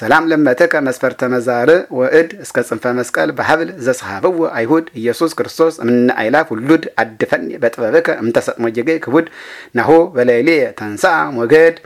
ሰላም ለመተከ መስፈርተ መዛር ወእድ እስከ ጽንፈ መስቀል በሀብል ዘሰሃበው አይሁድ ኢየሱስ ክርስቶስ እምነ አይላፍ ውሉድ አድፈን በጥበብከ እምተሰጥሞ ጀገ ክቡድ ናሆ በሌሌ ተንሳ ሞገድ